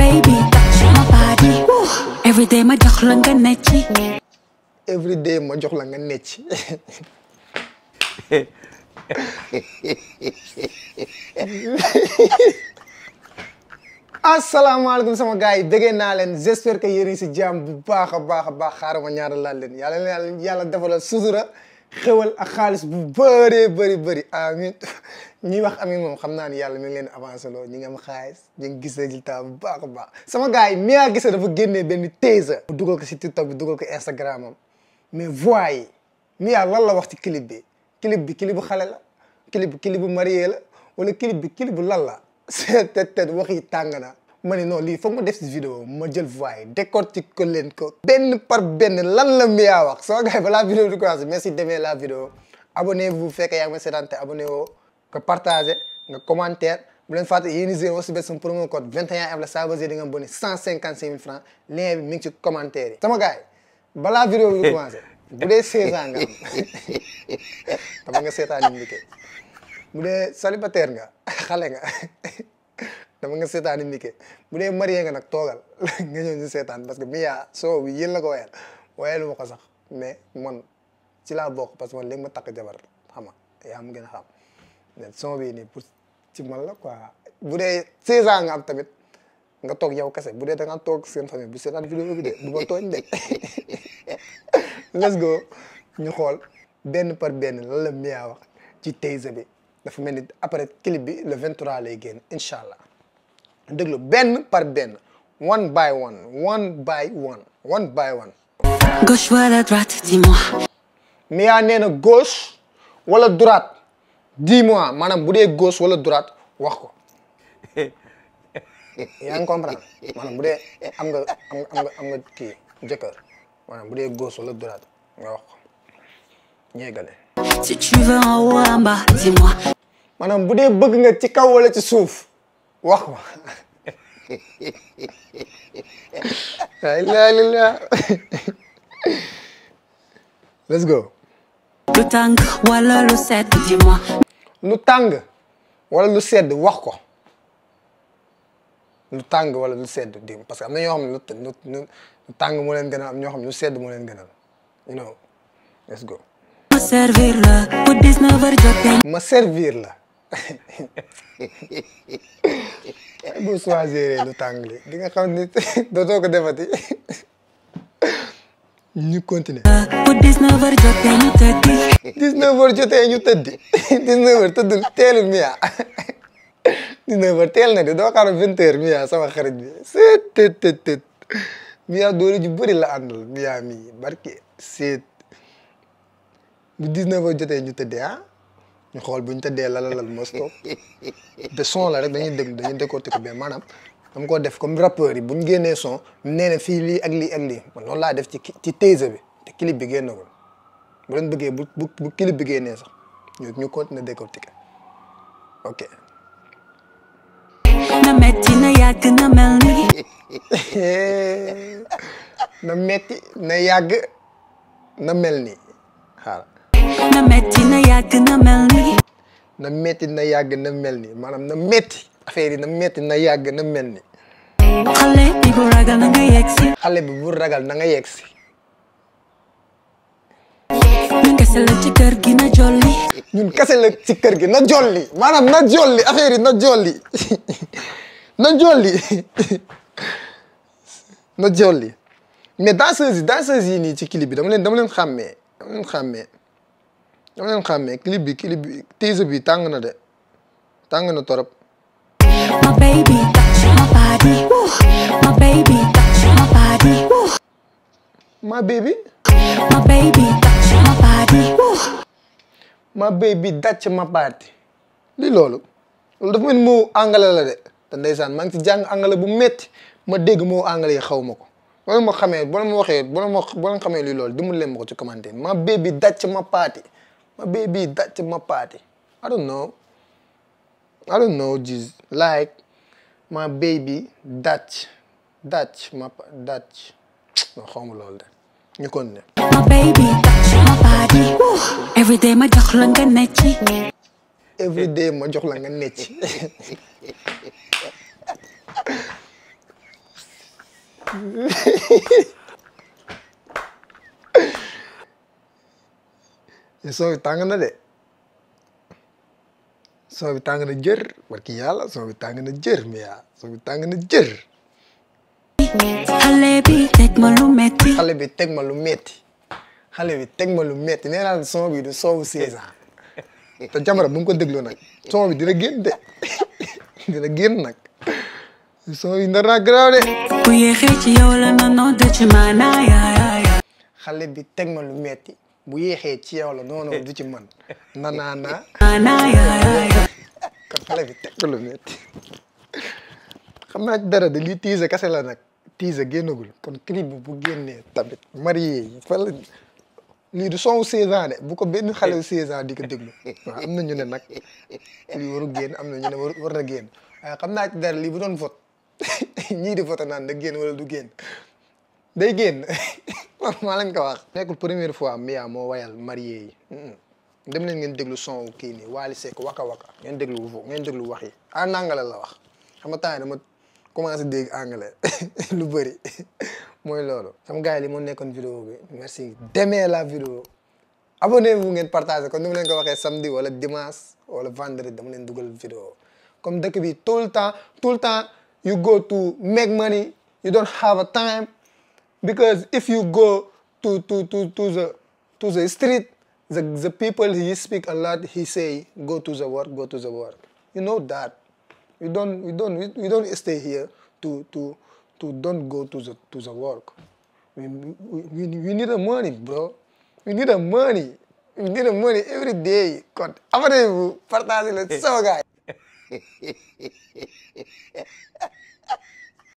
baby touch my body every day ma jox la nga ne ci every day ma jox la nga ne ci sama gars yi bëggee naa leen j'espère que yéen a ngi bu baax a baax a baax xaaral ma ñaaral laal leen yàlla yàlla yàlla defal la sutura xewal ak xaalis bu bëree bëri bëri amin ñuy wax amin moom xam naa ni yàlla mi ngi leen avancé loo ñi am xaalis ñi ngi gis résultat bu baax a baax sama gars yi Mia Guissé dafa génnee benn teaser bu dugal ko si TikTok bi dugal ko Instagram am mais voix yi Mia lan la wax ci clip bi clip bi clip bu xale la clip bi clip bu marié la wala clip bi clip bu lan la c'est tet wax yi tàng na ma ne non lii foog ma def si vidéo ma jël voix yi décortique ko leen ko benn par benn lan la Mia wax sama gars yi balaa vidéo di commencé merci demee la vidéo abonnez bu fekkee yaa ngi ma seetaan nga partage nga commentaire bu leen fàtte yéen i aussi bet sama promo code 21 F la ça veut dire di nga boni cent cinquante cinq mille francs lien bi mi ngi ci commentaire yi sama balaa vidéo bi di commencé bu dee seize nga am dama nga seetaan yi bu dee célibataire nga xale nga dama nga seetaan yi bu dee marié nga nag toogal nga ñëw ñu seetaan parce que mi yaa soo bi yéen la ko wayal wayal ma ko sax mais man ci laa bokk parce que man léegi ma takk jabar xam nga yaa mu gën a xam son bii nii pour ci man la bu dee 16 ans nga am tamit nga toog yow kase bu dee da nga toog seen famille bu seetaan vidéo bi de du ma tooñ de let's go ñu xool benn par benn lan la Mia wax ci Tayza bi dafa mel ni après clip bi le 23 lay génn incha allah déglu benn par benn one by one one by one one by one. gauche wala droite dis-moi. Mia nee gauche wala droite. Dis-moi, madame, vous êtes gauche wala droite wax ko comprenez si tu veux un wamba dis-moi. Madame, vous êtes bëgg nga ci kaw wala ci let's go. le set dis-moi. lu tàng wala lu sedd wax ko lu tàng wala lu sedd di parce que am na ñoo xam ne lu lu tàng moo leen gënal am ñoo xam ne lu sedd moo leen gënal you know ma servir la bu 19 heures lu tàng li di nga xam ni dootoo ko defati. ñu continuer. bu 19h jotee ñu tëddi. 19h jotee ñu tëddi 19h tëddul teelul Mia 19h teel na de doo xaar 20h Mia sama xarit bi seet tët tët tët Mia doole ju bëri la àndal Mia mii barke seet bu 19h jotee ñu tëddi ah. ñu xool bu ñu tëddee lalalal mos ko de son la rek dañuy déglu dañuy décortiquer ko mais maanaam dama ko def comme rappeurs yi bu ñu nee na fii lii ak lii ak lii noonu laa def ci ci teaser bi te clip bi génnagul bu leen bëggee bu bu bu bi génnee sax ñu ñu continuer na metti na yàgg na mel ni. na metti na yàgg na mel ni xaaral. na metti na yàgg na mel ni. na metti na yàgg na mel ni maanaam na metti. affaire na metti na yag na melni xalé bi bu ragal na nga yexi xalé bi bu ragal na nga yexi ñun kasse la ci kër gi na jolli. ñun kese la ci kër gi na jolli na jolli affaire yi na jolli na jolli na jolli mais danseuses yi yi ni ci clip bi dama len dama len xamé dama len xamé dama len xamé clip bi clip bi tise bi tang na de tang na torop. ma baby, touch my body. My baby, touch my body. li loolu loolu dafa mel ni moo anglais la de te ndeysaan maa ci jàng anglais bu métti ma dégg moo anglais yi xaw ma ko. ma xamee wala ma waxee wala ma wala nga xamee lii loolu dimbali leen ma ko ci commentaire ma baby dàcc ma paati ma baby dàcc ma paati I don't know I don't know, just like my baby Dutch Dutch ma Dutch every day ma jox la nga ne every day ma jox nga ne ci. soo tàng na de. soo bi tàng na jër barki yàlla soo bi tàng na jër Mia soo bi tàng na jër. xale bi teg ma lu metti. xale bi teg ma lu metti. bi teg ma lu metti nee naa son bi du soowu seize ans te Jamra ko dégloo nag son bi dina génn de dina génn nag son bi nar naa garaaw de. ci yow la noonu ci maanaam. xale bi teg ma lu metti. bu yéexee ci yow la noonu non ci man na naa naa. kon xale bi teg lu métti xam naa ci dara de lii tiise kase la nag tiise génnagul kon clip bi bu génnee tamit marié yi fa la lii du son 16 de bu ko benn xale wu 16 ans di ko déglu am na ñu ne nag lii waru génn am na ñu ne war na génn waaye naa ci dara lii bu doon vote ñii di vote naan da génn walla du génn. day génn man maa leen ko wax. nekkul fois Mia moo wayal marié yi. dem leen ngeen deglu son kii nii Wally Seck waka waka ngeen déglu ngeen déglu wax yi en anglais la wax xam nga temps dama commencé dégg anglais lu bëri mooy loolu. sama gars yi li moo nekkoon vidéo bi demee la vidéo abonnez-vous ngeen partagé comme ni mu leen ko waxee samedi wala dimanche wala vendredi dama leen dugal vidéo comme dëkk bi le temps tout le temps you go to make money you don't have a time. Because if you go to, to, to, to, the, to the street, the, the people he speak a lot, he say, go to the work, go to the work. You know that. We don't, we don't, we, don't stay here to, to, to don't go to the, to the work. We, we, we, need the money, bro. We need the money. We need the money every day. God, I'm so guy.